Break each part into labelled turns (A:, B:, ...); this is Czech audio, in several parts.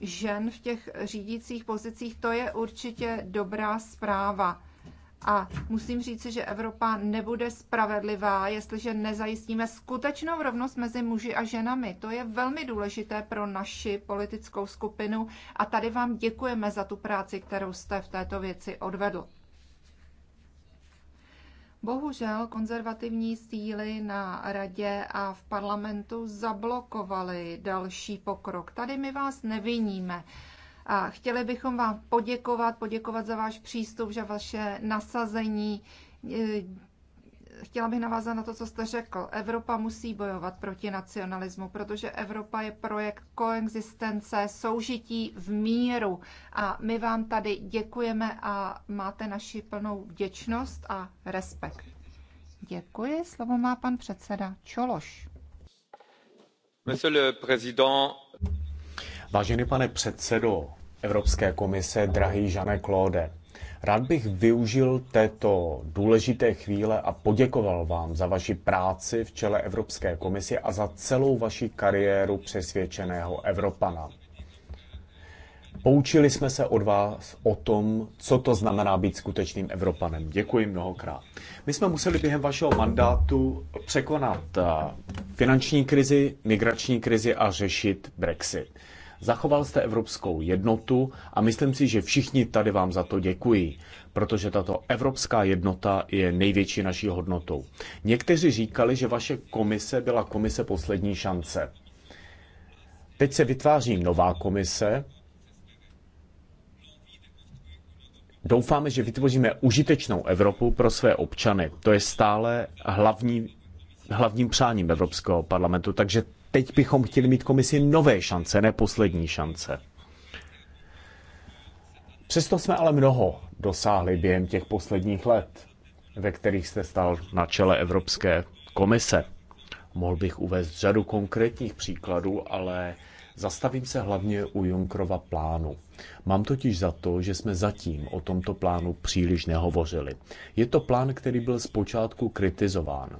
A: žen v těch řídících pozicích, to je určitě dobrá zpráva. A musím říci, že Evropa nebude spravedlivá, jestliže nezajistíme skutečnou rovnost mezi muži a ženami. To je velmi důležité pro naši politickou skupinu a tady vám děkujeme za tu práci, kterou jste v této věci odvedl. Bohužel konzervativní síly na radě a v parlamentu zablokovaly další pokrok. Tady my vás neviníme. A chtěli bychom vám poděkovat, poděkovat za váš přístup, za vaše nasazení chtěla bych navázat na to, co jste řekl. Evropa musí bojovat proti nacionalismu, protože Evropa je projekt koexistence, soužití v míru. A my vám tady děkujeme a máte naši plnou vděčnost a respekt. Děkuji. Slovo má pan předseda Čološ.
B: Monsieur le président. Vážený pane předsedo Evropské komise, drahý jean Claude, Rád bych využil této důležité chvíle a poděkoval vám za vaši práci v čele Evropské komise a za celou vaši kariéru přesvědčeného Evropana. Poučili jsme se od vás o tom, co to znamená být skutečným Evropanem. Děkuji mnohokrát. My jsme museli během vašeho mandátu překonat eh, finanční krizi, migrační krizi a řešit Brexit. Zachoval jste evropskou jednotu a myslím si, že všichni tady vám za to děkují, protože tato evropská jednota je největší naší hodnotou. Někteří říkali, že vaše komise byla komise poslední šance. Teď se vytváří nová komise. Doufáme, že vytvoříme užitečnou Evropu pro své občany. To je stále hlavní hlavním přáním Evropského parlamentu. Takže teď bychom chtěli mít komisi nové šance, ne poslední šance. Přesto jsme ale mnoho dosáhli během těch posledních let, ve kterých jste stal na čele Evropské komise. Mohl bych uvést řadu konkrétních příkladů, ale zastavím se hlavně u Junkrova plánu. Mám totiž za to, že jsme zatím o tomto plánu příliš nehovořili. Je to plán, který byl zpočátku kritizován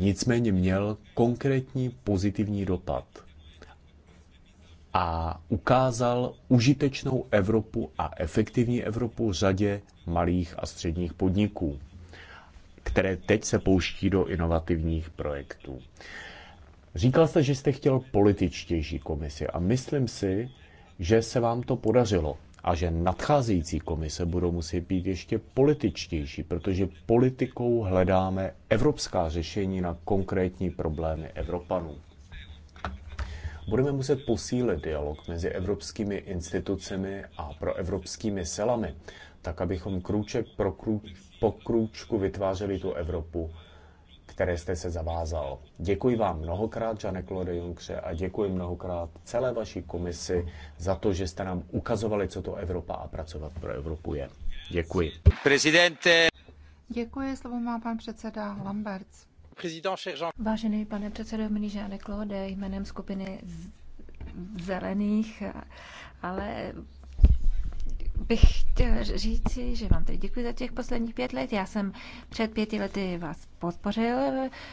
B: nicméně měl konkrétní pozitivní dopad a ukázal užitečnou Evropu a efektivní Evropu řadě malých a středních podniků, které teď se pouští do inovativních projektů. Říkal jste, že jste chtěl političtější komisi a myslím si, že se vám to podařilo a že nadcházející komise budou muset být ještě političtější, protože politikou hledáme evropská řešení na konkrétní problémy Evropanů. Budeme muset posílit dialog mezi evropskými institucemi a proevropskými silami, tak abychom krůček pro krůč, po krůčku vytvářeli tu Evropu, které jste se zavázal. Děkuji vám mnohokrát, Jean-Claude Junckře, a děkuji mnohokrát celé vaší komisi za to, že jste nám ukazovali, co to Evropa a pracovat pro Evropu je. Děkuji. Prezidente.
A: Děkuji, slovo má pan předseda Lamberts. Vážený pane předsedo, milý Jean-Claude, jménem skupiny Zelených,
C: ale bych chtěla říci, že vám tedy děkuji za těch posledních pět let. Já jsem před pěti lety vás podpořil,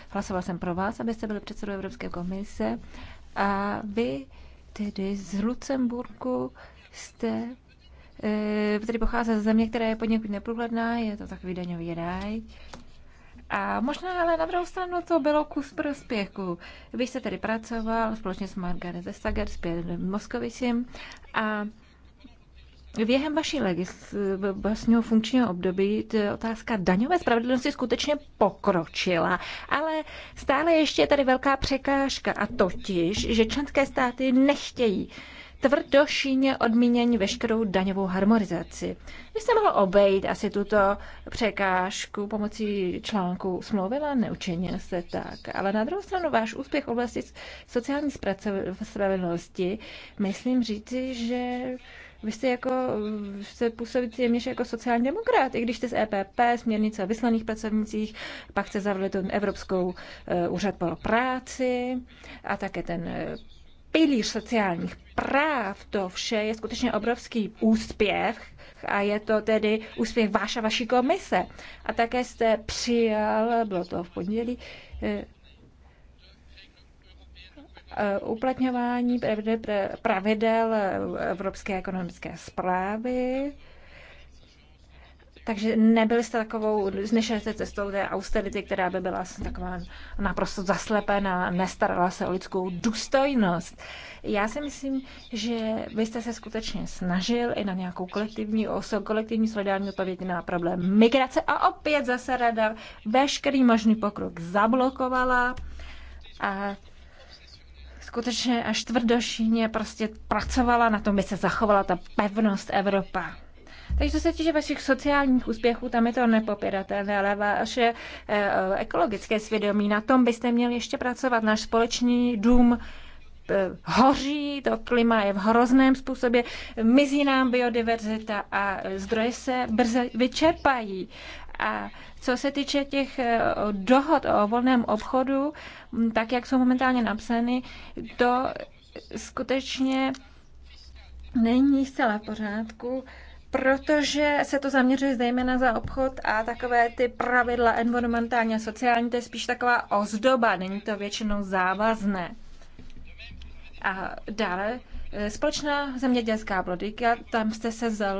C: hlasoval jsem pro vás, abyste byli předsedou Evropské komise a vy tedy z Lucemburku jste který e, pochází ze země, která je poněkud neprůhledná, je to takový daňový ráj. A možná ale na druhou stranu to bylo kus prospěchu. Vy jste tady pracoval společně s Margaret Vestager, zpět Pěrem Moskovičem a Během vaší legis, vlastního funkčního období otázka daňové spravedlnosti skutečně pokročila, ale stále ještě je tady velká překážka a totiž, že členské státy nechtějí tvrdošíně odmínění veškerou daňovou harmonizaci. Vy jste mohl obejít asi tuto překážku pomocí článku smlouvy, ale neučinil se tak. Ale na druhou stranu váš úspěch v oblasti sociální spravedlnosti, myslím říci, že vy jste jako, se působit jemněž jako sociální demokrat, i když jste z EPP, směrnice o vyslaných pracovnicích, pak jste zavedli ten Evropskou eh, úřad pro práci a také ten eh, pilíř sociálních práv, to vše je skutečně obrovský úspěch a je to tedy úspěch váš a vaší komise. A také jste přijal, bylo to v pondělí, eh, Eh, uplatňování pravidel eh, Evropské ekonomické zprávy. Takže nebyli jste takovou, znešenou cestou té austerity, která by byla taková naprosto zaslepená, nestarala se o lidskou důstojnost. Já si myslím, že vy jste se skutečně snažil i na nějakou kolektivní osob, kolektivní solidární odpověď na problém migrace a opět zase rada veškerý možný pokrok zablokovala. A skutečně až tvrdošíně prostě pracovala na tom, by se zachovala ta pevnost Evropa. Takže co se týče vašich sociálních úspěchů, tam je to nepopiratelné, ale vaše eh, ekologické svědomí, na tom byste měli ještě pracovat. Náš společný dům eh, hoří, to klima je v hrozném způsobě, mizí nám biodiverzita a zdroje se brzy vyčerpají. A co se týče těch eh, dohod o volném obchodu, tak jak jsou momentálně napsány, to skutečně není zcela v pořádku, protože se to zaměřuje zejména za obchod a takové ty pravidla environmentální a sociální, to je spíš taková ozdoba, není to většinou závazné. A dále Eh, společná zemědělská politika, tam jste se zal,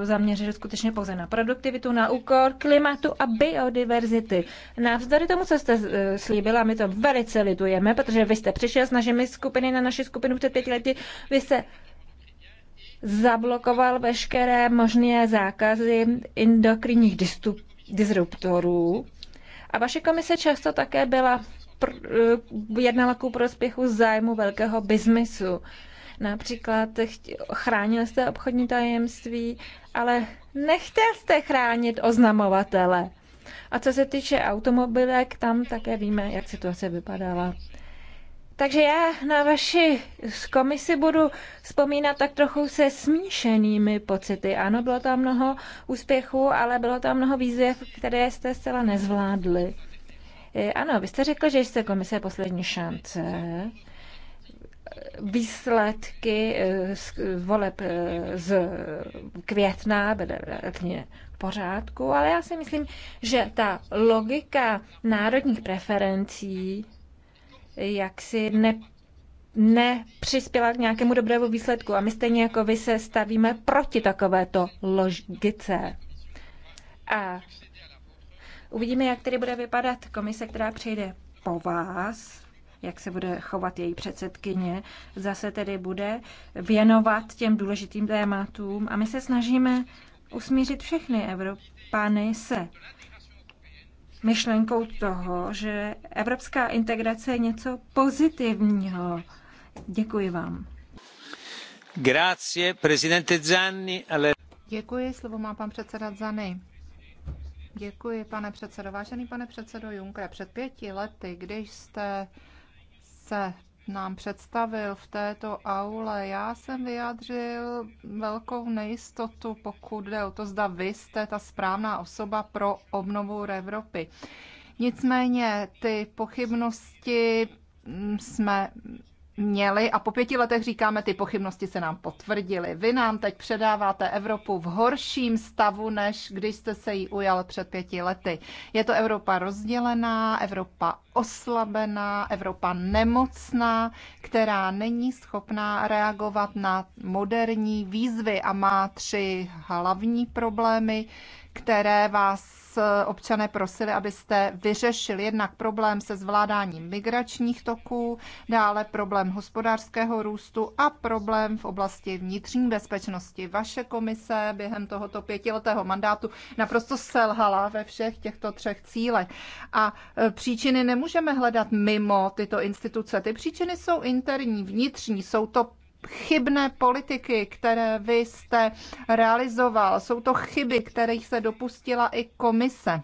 C: eh, zaměřili skutečně pouze na produktivitu, na úkor klimatu a biodiverzity. Navzdory tomu, co jste eh, slíbila, my to velice litujeme, protože vy jste přišel s našimi skupiny na naši skupinu před pěti lety, vy jste zablokoval veškeré možné zákazy endokrinních disruptorů. A vaše komise často také byla jednala ku prospěchu zájmu velkého bizmisu. Například chránili jste obchodní tajemství, ale nechtěl jste chránit oznamovatele. A co se týče automobilek, tam také víme, jak situace vypadala. Takže já na vaši komisi budu vzpomínat tak trochu se smíšenými pocity. Ano, bylo tam mnoho úspěchů, ale bylo tam mnoho výzev, které jste zcela nezvládli. Eh, ano, vy jste řekl, že jste komise poslední šance, výsledky eh, z voleb eh, z května byly relativně v pořádku, ale já si myslím, že ta logika národních preferencí jaksi ne, nepřispěla k nějakému dobrému výsledku. A my stejně jako vy se stavíme proti takovéto logice. A uvidíme, jak tedy bude vypadat komise, která přijde po vás jak se bude chovat její předsedkyně, zase tedy bude věnovat těm důležitým tématům. A my se snažíme usmířit všechny Evropany se myšlenkou toho, že evropská integrace je
A: něco pozitivního. Děkuji vám.
B: Grazie, presidente Zanni. Ale...
A: Děkuji, slovo má pan předseda Zany. Děkuji, pane předsedo. Vážený pane předsedo Juncker? před pěti lety, když jste se nám představil v této aule, já jsem vyjádřil velkou nejistotu, pokud jde o to, zda vy jste ta správná osoba pro obnovu Evropy. Nicméně ty pochybnosti jsme měli a po pěti letech říkáme, ty pochybnosti se nám potvrdily. Vy nám teď předáváte Evropu v horším stavu, než když jste se jí ujal před pěti lety. Je to Evropa rozdělená, Evropa oslabená, Evropa nemocná, která není schopná reagovat na moderní výzvy a má tři hlavní problémy, které vás vás občané prosili, abyste vyřešili jednak problém se zvládáním migračních toků, dále problém hospodářského růstu a problém v oblasti vnitřní bezpečnosti. Vaše komise během tohoto pětiletého mandátu naprosto selhala ve všech těchto třech cílech. A e, příčiny nemůžeme hledat mimo tyto instituce. Ty příčiny jsou interní, vnitřní, jsou to chybné politiky, které vy jste realizoval. Jsou to chyby, kterých se dopustila i komise.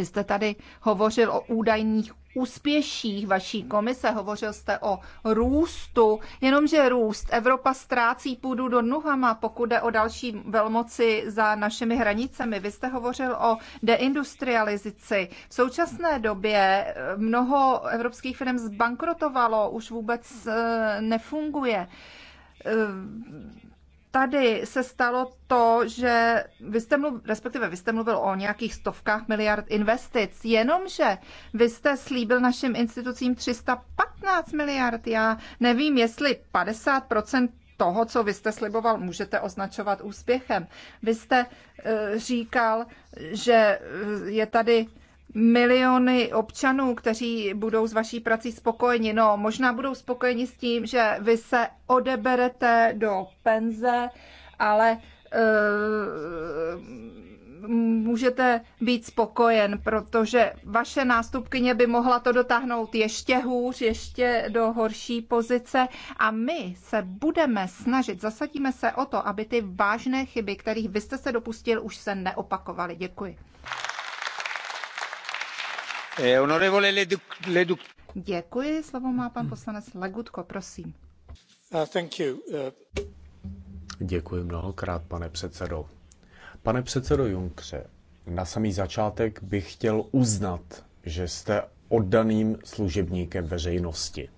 A: Vy jste tady hovořil o údajných úspěších vaší komise, hovořil jste o růstu, jenomže růst. Evropa ztrácí půdu do nohama, pokud jde o další velmoci za našimi hranicemi. Vy jste hovořil o deindustrializaci. V současné době eh, mnoho evropských firm zbankrotovalo, už vůbec eh, nefunguje eh, tady se stalo to, že vy jste mluvil, respektive vy jste mluvil o nějakých stovkách miliard investic, jenomže vy jste slíbil našim institucím 315 miliard. Já nevím, jestli 50 toho, co vy jste sliboval, můžete označovat úspěchem. Vy jste eh, říkal, že eh, je tady miliony občanů, kteří budou s vaší prací spokojeni. No, možná budou spokojeni s tím, že vy se odeberete do penze, ale uh, můžete být spokojen, protože vaše nástupkyně by mohla to dotáhnout ještě hůř, ještě do horší pozice a my se budeme snažit, zasadíme se o to, aby ty vážné chyby, kterých vy jste se dopustil, už se neopakovaly. Děkuji. Eh, Děkuji, slovo má pan poslanec Legutko, prosím.
B: Uh, uh, Děkuji mnohokrát, pane předsedo. Pane předsedo Junkře, na samý začátek bych chtěl uznat, že jste oddaným služebníkem veřejnosti.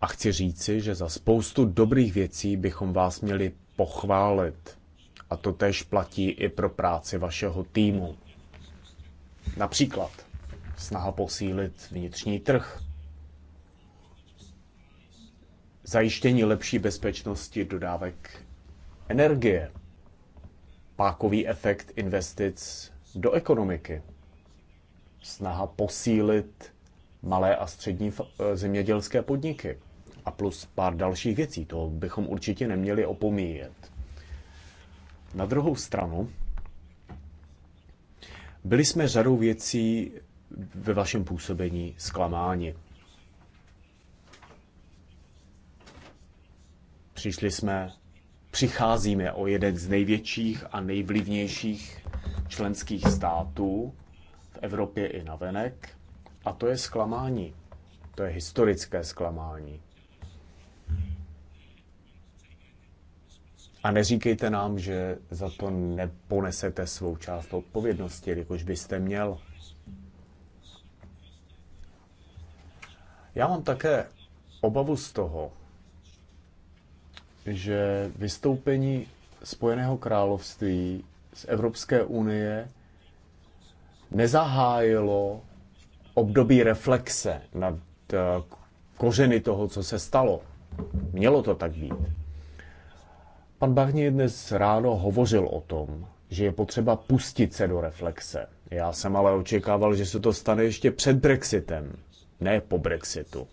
B: A chci říci, že za spoustu dobrých věcí bychom vás měli pochválit. A to tež platí i pro práci vašeho týmu. Například snaha posílit vnitřní trh, zajištění lepší bezpečnosti dodávek energie, pákový efekt investic do ekonomiky, snaha posílit malé a střední eh, zemědělské podniky a plus pár dalších věcí. To bychom určitě neměli opomíjet. Na druhou stranu byli jsme řadou věcí ve vašem působení zklamáni. Přišli jsme, přicházíme o jeden z největších a nejvlivnějších členských států v Evropě i na venek, a to je zklamání. To je historické zklamání. A neříkejte nám, že za to neponesete svou část odpovědnosti, jakož byste měl. Já mám také obavu z toho, že vystoupení Spojeného království z Evropské unie nezahájilo období reflexe nad eh, kořeny toho, co se stalo. Mělo to tak být. Pan Barnier dnes ráno hovořil o tom, že je potřeba pustit se do reflexe. Já jsem ale očekával, že se to stane ještě před Brexitem, ne po Brexitu.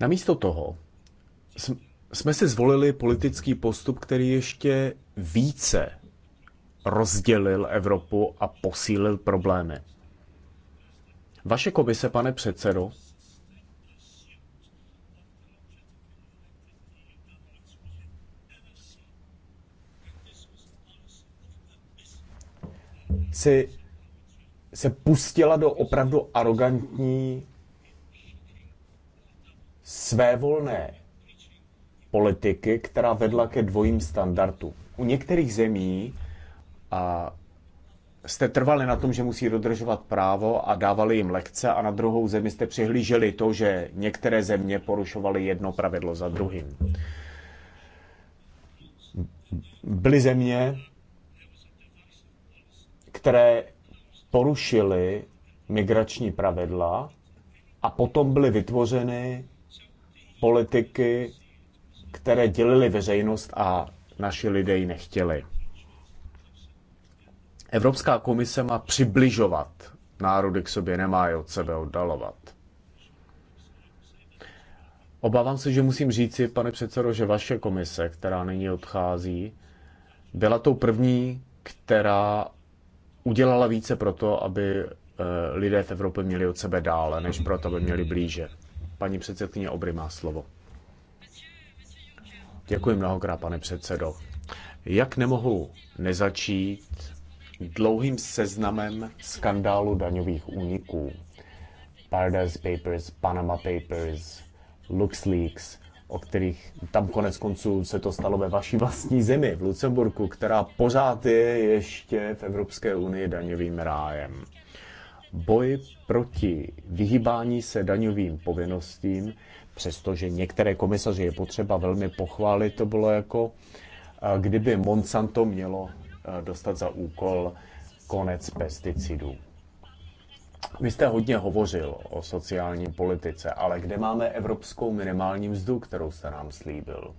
B: Namísto toho jsme si zvolili politický postup, který ještě více rozdělil Evropu a posílil problémy. Vaše komise, pane předsedo, si se pustila do opravdu arrogantní svévolné politiky, která vedla ke dvojím standardům. U některých zemí a jste trvali na tom, že musí dodržovat právo a dávali jim lekce a na druhou zemi jste přihlíželi to, že některé země porušovaly jedno pravidlo za druhým. Byly země, které porušily migrační pravidla a potom byly vytvořeny politiky, které dělily veřejnost a naši lidé ji nechtěli. Evropská komise má přibližovat národy k sobě, nemá je od sebe oddalovat. Obávám se, že musím říci, pane předsedo, že vaše komise, která nyní odchází, byla tou první, která udělala více pro to, aby eh, lidé v Evropě měli od sebe dále, než pro to, aby měli blíže. Paní předsedkyně Obry má slovo. Děkuji mnohokrát, pane předsedo. Jak nemohu nezačít dlouhým seznamem skandálu daňových úniků. Paradise Papers, Panama Papers, LuxLeaks, o kterých tam konec konců se to stalo ve vaší vlastní zemi, v Lucemburku, která pořád je ještě v Evropské unii daňovým rájem. Boj proti vyhýbání se daňovým povinnostím, přestože některé komisaři je potřeba velmi pochválit, to bylo jako kdyby Monsanto mělo dostat za úkol konec pesticidů. Vy jste hodně hovořil o sociální politice, ale kde máme evropskou minimální mzdu, kterou jste nám slíbil?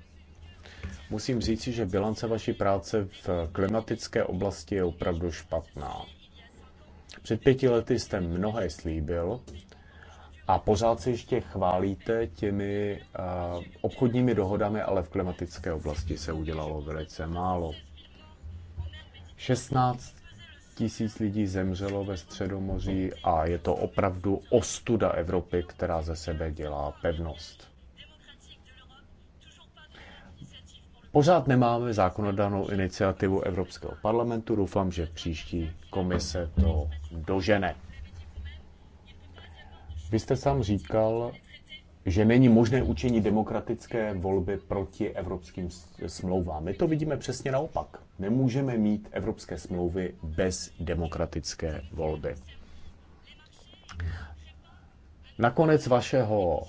B: Musím říci, že bilance vaší práce v klimatické oblasti je opravdu špatná. Před pěti lety jste mnohé slíbil a pořád se ještě chválíte těmi uh, obchodními dohodami, ale v klimatické oblasti se udělalo velice málo. 16 tisíc lidí zemřelo ve Středomoří a je to opravdu ostuda Evropy, která ze sebe dělá pevnost. Pořád nemáme zákonodanou iniciativu Evropského parlamentu. Doufám, že příští komise to dožene. Vy jste sám říkal, že není možné učinit demokratické volby proti evropským smlouvám. My to vidíme přesně naopak. Nemůžeme mít evropské smlouvy bez demokratické volby. Nakonec vašeho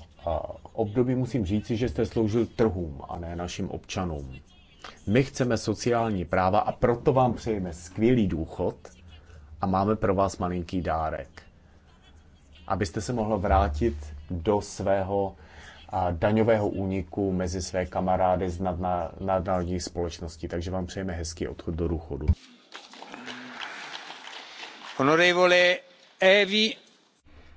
B: období musím říci, že jste sloužil trhům a ne našim občanům. My chceme sociální práva a proto vám přejeme skvělý důchod a máme pro vás malinký dárek. Abyste se mohla vrátit do svého daňového úniku mezi své kamarády z nadnárodních společností. Takže vám přejeme hezký odchod do důchodu. Honorevole Evi.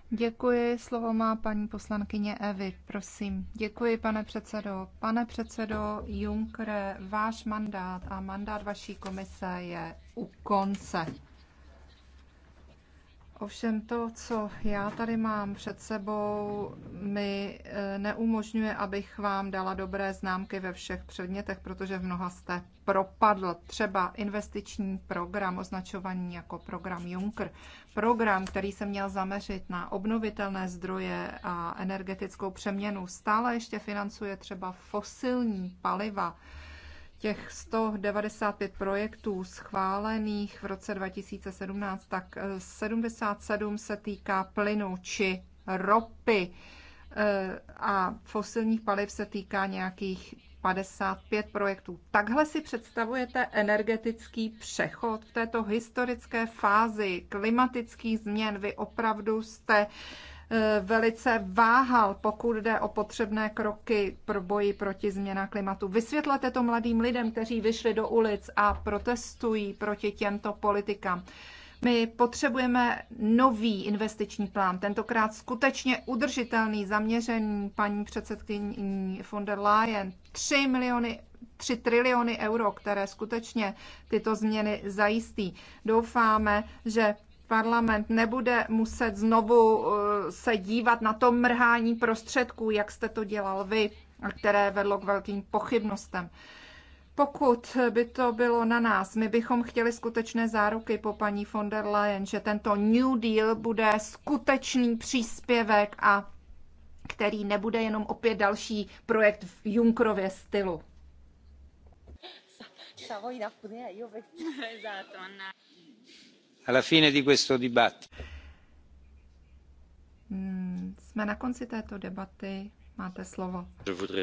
A: Děkuji, slovo má paní poslankyně Evy, prosím. Děkuji, pane předsedo. Pane předsedo Junkre, váš mandát a mandát vaší komise je u konce. Ovšem to, co já tady mám před sebou, mi eh, neumožňuje, abych vám dala dobré známky ve všech předmětech, protože v mnoha jste propadl. Třeba investiční program označovaný jako program Juncker. Program, který se měl zaměřit na obnovitelné zdroje a energetickou přeměnu, stále ještě financuje třeba fosilní paliva těch 195 projektů schválených v roce 2017, tak 77 eh, se týká plynu či ropy eh, a fosilních paliv se týká nějakých 55 projektů. Takhle si představujete energetický přechod v této historické fázi klimatických změn. Vy opravdu jste uh, Eh, velice váhal, pokud jde o potřebné kroky pro boji proti změna klimatu. Vysvětlete to mladým lidem, kteří vyšli do ulic a protestují proti těmto politikám. My potřebujeme nový investiční plán, tentokrát skutečně udržitelný, zaměřený paní předsedkyní von der Leyen. 3 miliony 3 triliony euro, které skutečně tyto změny zajistí. Doufáme, že parlament nebude muset znovu eh, se dívat na to mrhání prostředků, jak jste to dělal vy, které vedlo k velkým pochybnostem. Pokud by to bylo na nás, my bychom chtěli skutečné záruky po paní von der Leyen, že tento New Deal bude skutečný příspěvek a který nebude jenom opět další projekt v Junkrově stylu. Hmm, jsme na konci této debaty. Máte slovo.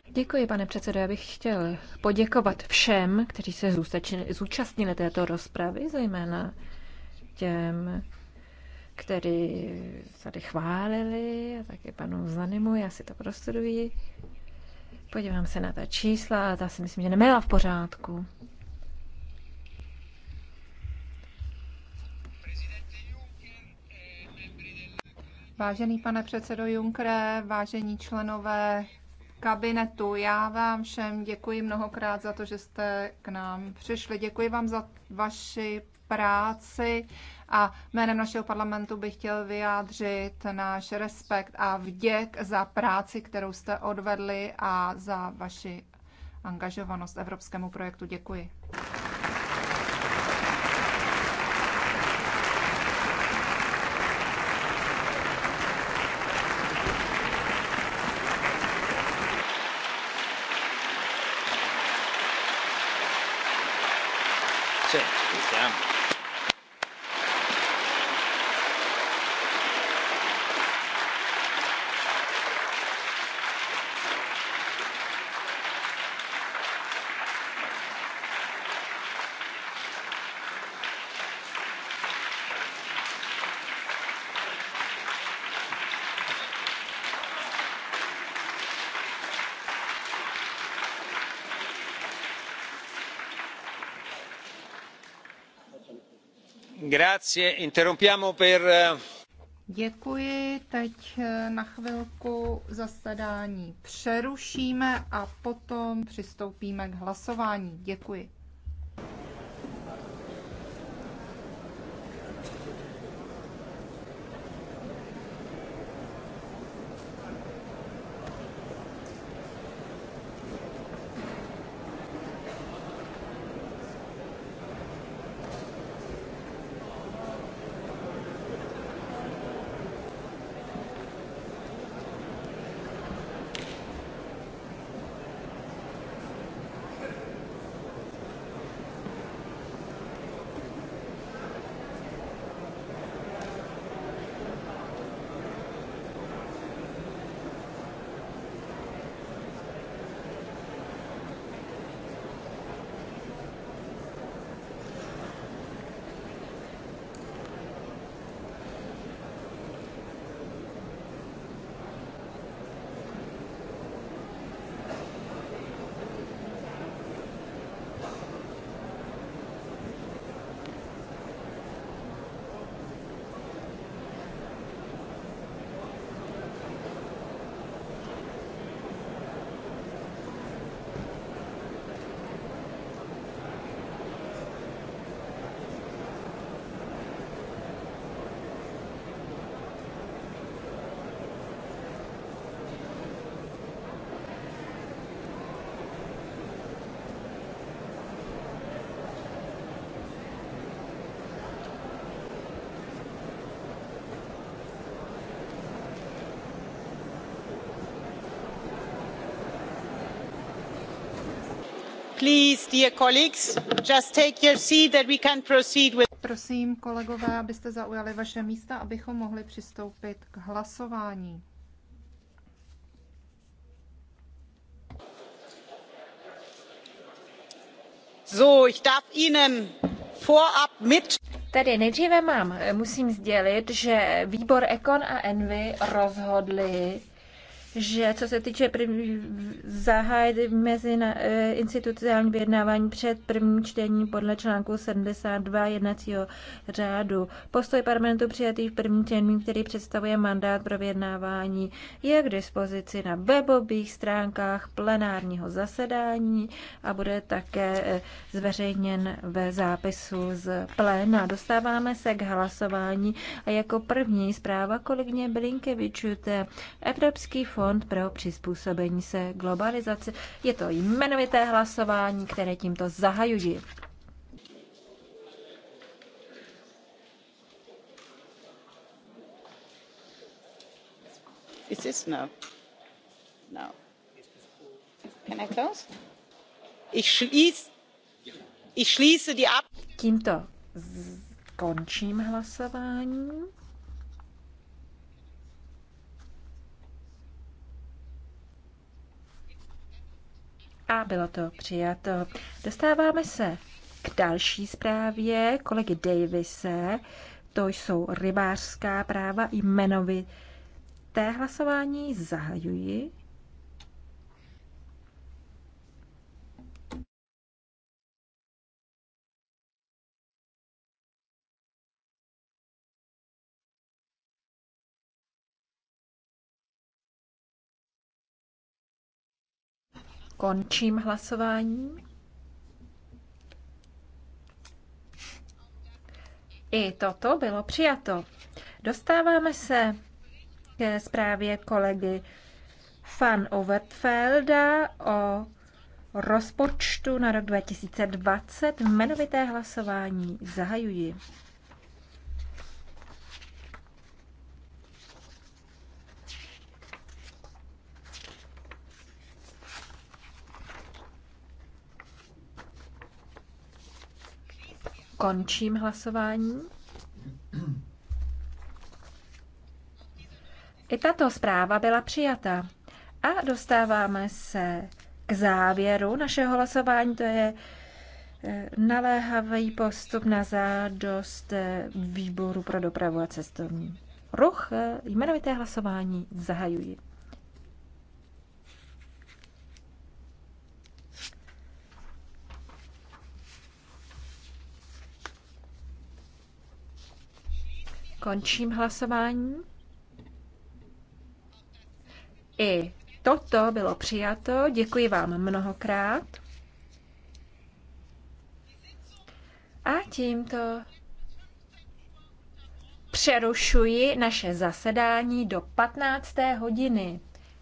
A: Děkuji, pane předsedo. Já bych chtěl poděkovat všem, kteří se
C: zúčastnili této rozpravy, zejména těm, kteří tady chválili, a také panu Zanimu, já si to prostuduji. Podívám se na ta čísla, ta si myslím, že nebyla v pořádku.
A: Vážený pane předsedo Junkre, vážení členové kabinetu, já vám všem děkuji mnohokrát za to, že jste k nám přišli. Děkuji vám za vaši práci a jménem našeho parlamentu bych chtěl vyjádřit náš respekt a vděk za práci, kterou jste odvedli a za vaši angažovanost evropskému projektu. Děkuji.
B: Eh,
A: Děkuji. Teď eh, na chvilku zasedání přerušíme a potom přistoupíme k hlasování. Děkuji. Prosím, kolegové, abyste zaujali vaše místa, abychom mohli přistoupit k hlasování. So, ich darf Ihnen
C: vorab mit... Tedy nejdříve mám, musím sdělit, že výbor Ekon a Envy rozhodli, že co se týče první, zahájit mezi eh, institucionální vyjednávání před prvním čtením podle článku 72 jednacího řádu. Postoj parlamentu přijatý v prvním čtení, který představuje mandát pro vyjednávání, je k dispozici na webových stránkách plenárního zasedání a bude také eh, zveřejněn ve zápisu z pléna. Dostáváme se k hlasování a jako první zpráva kolegyně Blinkevičů, Evropský fond Fond pro přizpůsobení se globalizaci. Je to jmenovité hlasování, které tímto zahajuji.
A: Is this no? No. Can I close? Ich schließ ich
C: schließe die Ab Tímto končím hlasování. A bylo to přijato. Dostáváme se k další zprávě kolegy Davise. To jsou rybářská práva Té hlasování. Zahajuji. Končím hlasování. I toto bylo přijato. Dostáváme se ke zprávě kolegy Fan Overtfelda o rozpočtu na rok 2020. Jmenovité hlasování zahajuji. Končím hlasování. I tato zpráva byla přijata. A dostáváme se k závěru našeho hlasování. To je eh, naléhavý postup na zádost eh, výboru pro dopravu a cestovní ruch. Eh, jmenovité hlasování zahajuji. Končím hlasování. I toto bylo přijato. Děkuji vám mnohokrát. A tímto přerušuji naše zasedání do 15. hodiny.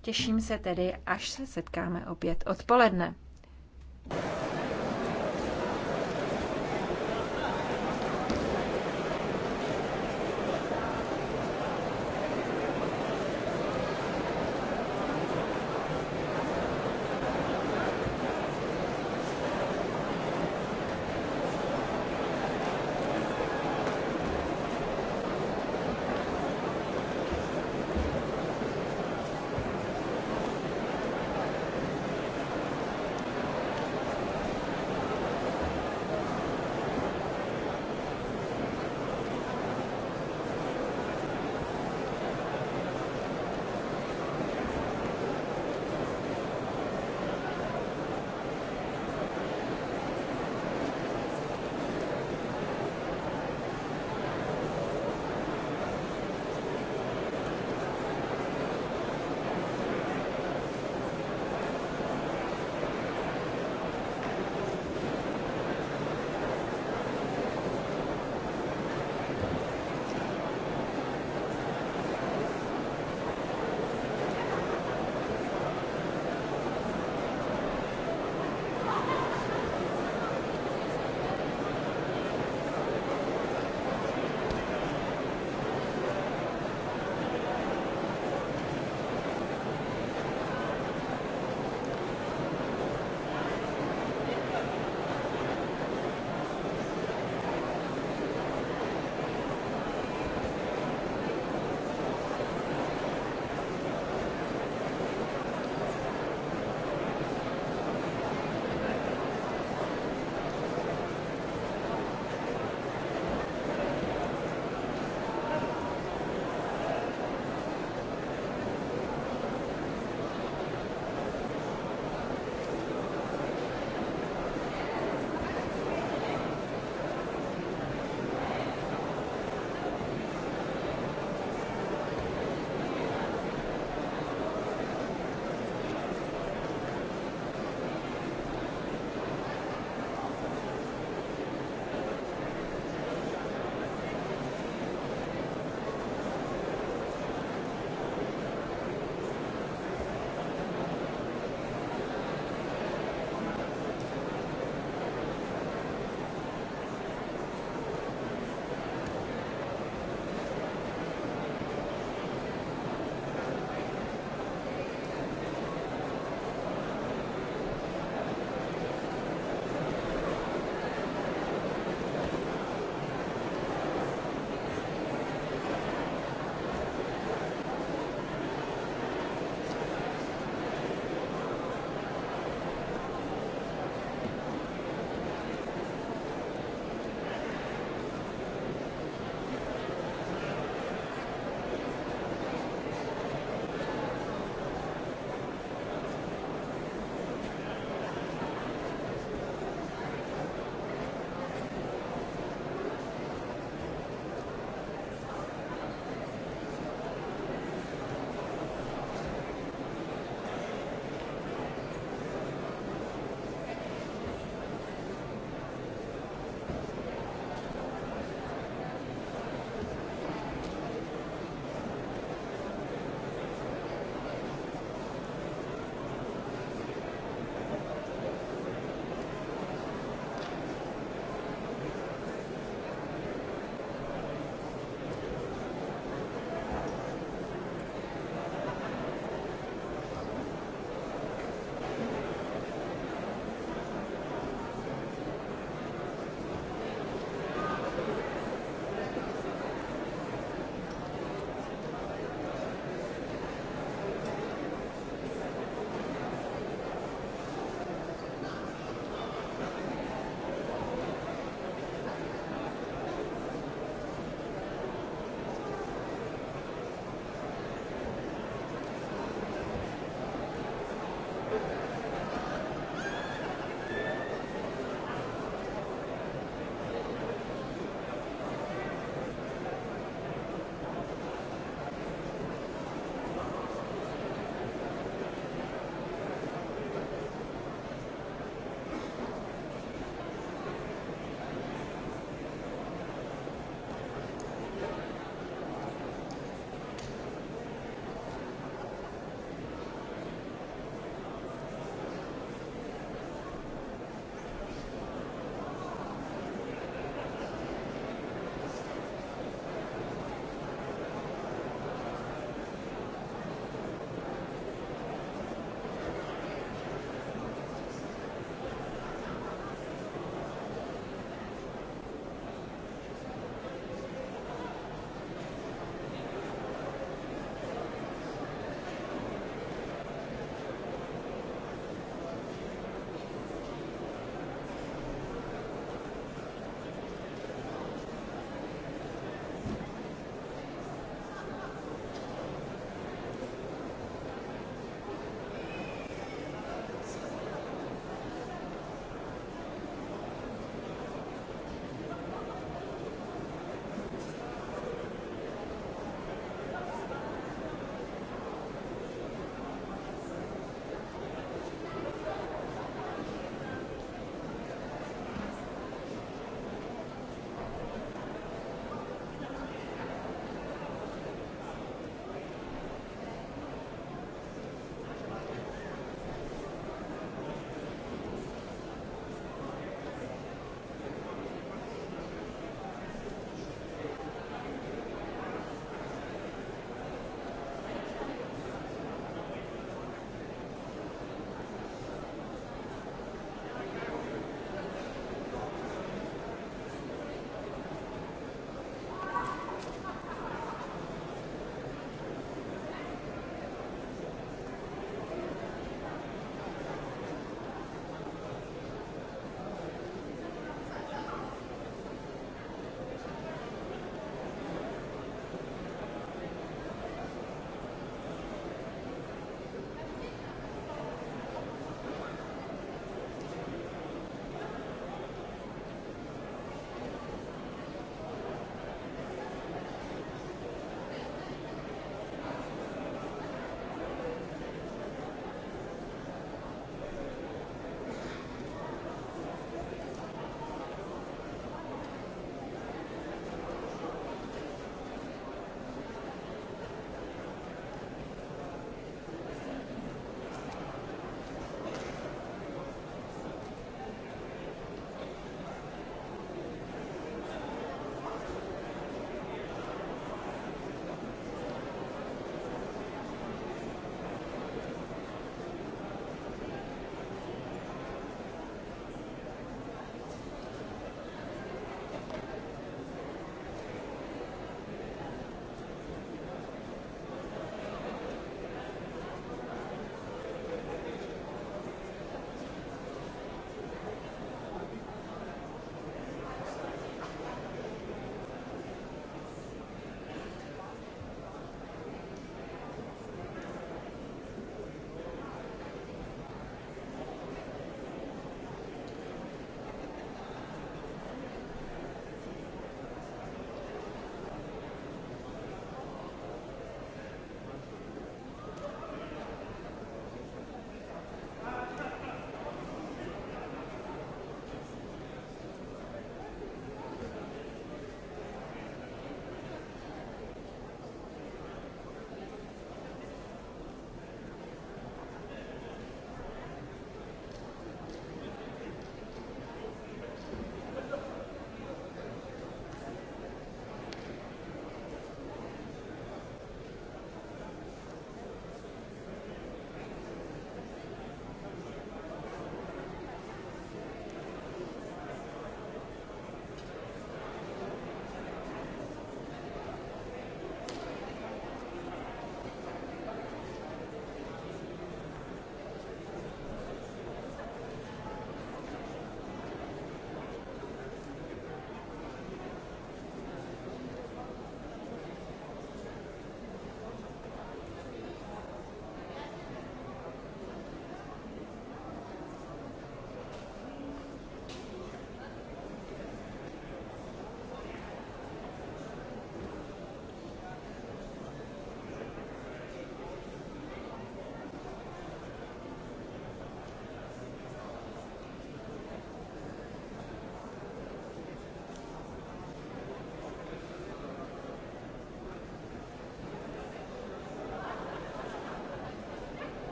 C: Těším se tedy, až se setkáme opět odpoledne.